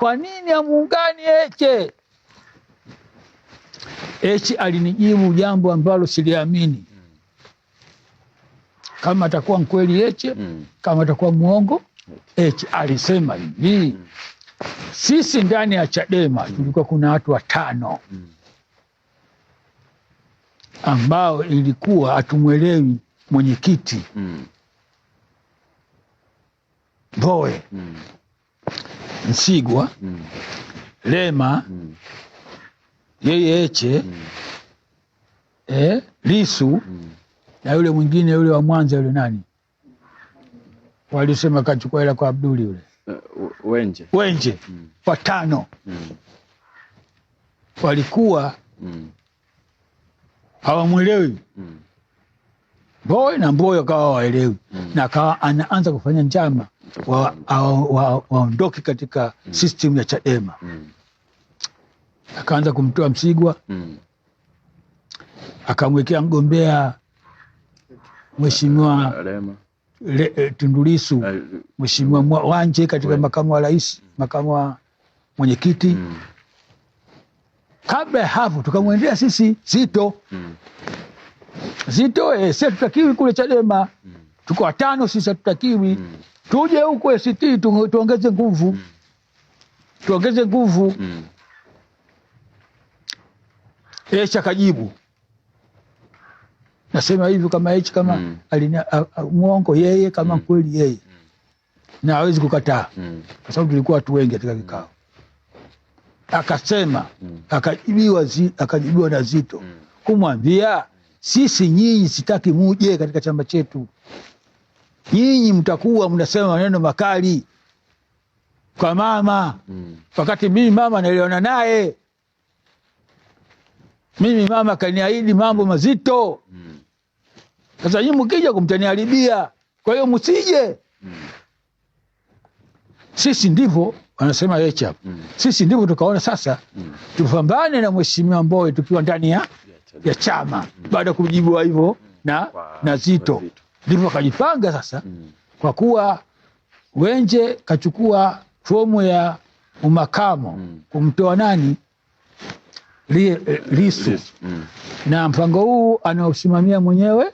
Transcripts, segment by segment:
kwa nini amuungani Heche? Heche alinijibu jambo ambalo siliamini. Kama atakuwa mkweli Heche, mm. kama atakuwa mwongo Heche. Alisema hivi, mm. sisi ndani ya Chadema mm. tulikuwa kuna watu watano ambao ilikuwa hatumwelewi mwenyekiti Mbowe mm. Nsigwa mm. Lema mm. Yeyeche mm. eh, Lisu mm. na yule mwingine yule wa Mwanza yule nani walisema kachukua hela kwa Abduli yule uh, Wenje, Wenje. Mm. Watano mm. walikuwa mm. hawamwelewi mm. Mbowe na mboyo akawa waelewi mm. na kawa anaanza kufanya njama Mm. waondoke wa, wa, wa katika mm. system ya Chadema mm. akaanza kumtoa Msigwa mm. akamwekea mgombea Mheshimiwa Tundu eh, Tundulisu eh, Mheshimiwa Wanje katika makamu wa rais, mm. makamu wa mwenyekiti mm. Kabla ya hapo tukamwendea sisi Zito mm. Zito e, eh, si hatutakiwi kule Chadema mm. tuko watano sisi hatutakiwi mm tuje huku ACT tuongeze nguvu mm. tuongeze nguvu mm. H akajibu nasema hivyo kama H kama mm. alina, mwongo yeye kama mm. kweli yeye mm. na hawezi kukataa mm. kwa sababu tulikuwa watu wengi katika mm. kikao akasema mm. akajibiwa, zi, akajibiwa na Zito mm. kumwambia sisi nyinyi sitaki muje katika chama chetu nyinyi mtakuwa mnasema maneno makali kwa mama mm. Wakati mimi mama naliona naye, mimi mama kaniahidi mambo mazito sasa mm. mkija kumtaniharibia, kwa hiyo msije mm. Sisi ndivyo wanasema echa mm. Sisi ndivyo tukaona sasa mm. tupambane na mheshimiwa mboye tukiwa ndani ya, ya chama mm. baada ya kujibua hivyo na, wow. na Zito ndipo wakajipanga sasa mm. kwa kuwa Wenje kachukua fomu ya umakamo mm. kumtoa nani li, eh, Lisu mm. na mpango huu anaosimamia mwenyewe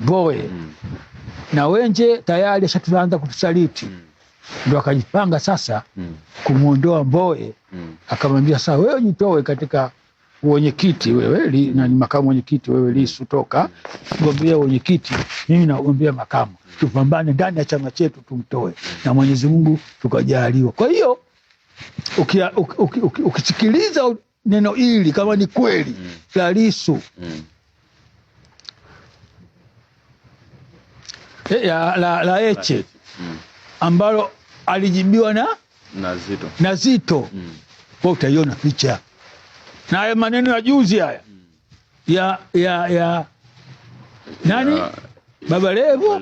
mboe mm. na Wenje tayari ashatuanza kutusaliti mm. ndo akajipanga sasa mm. kumwondoa mboe mm. akamwambia sasa, wewe jitoe katika uwenyekiti wewe li, na ni makamu mwenyekiti wewe Lissu toka gombea uwenyekiti, mimi nagombea makamu, tupambane ndani ya chama chetu tumtoe, na Mwenyezi Mungu tukajaliwa. Kwa hiyo ukisikiliza neno hili kama ni kweli mm. la Lissu mm. Eh, e, ya, la, la Heche mm. ambalo alijibiwa na na Zito, na Zito. Mm. Kwa utaiona picha na haya maneno ya juzi haya ya ya ya nani ya, Baba Levo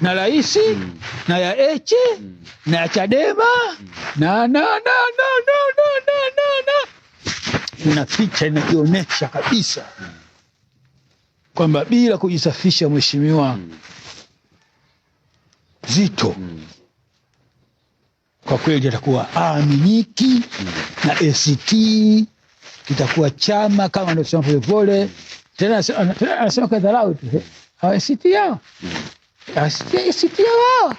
na raisi mm. na ya Heche mm. na ya Chadema mm. na, na, na, na, na, na, na, na. Kuna picha inajionyesha kabisa mm. kwamba bila kujisafisha mheshimiwa mm. Zito mm. kwa kweli atakuwa aminiki mm. na ACT kitakuwa chama kama anavyosema Polepole. Tena anasema kadharau tu ACT yao wao.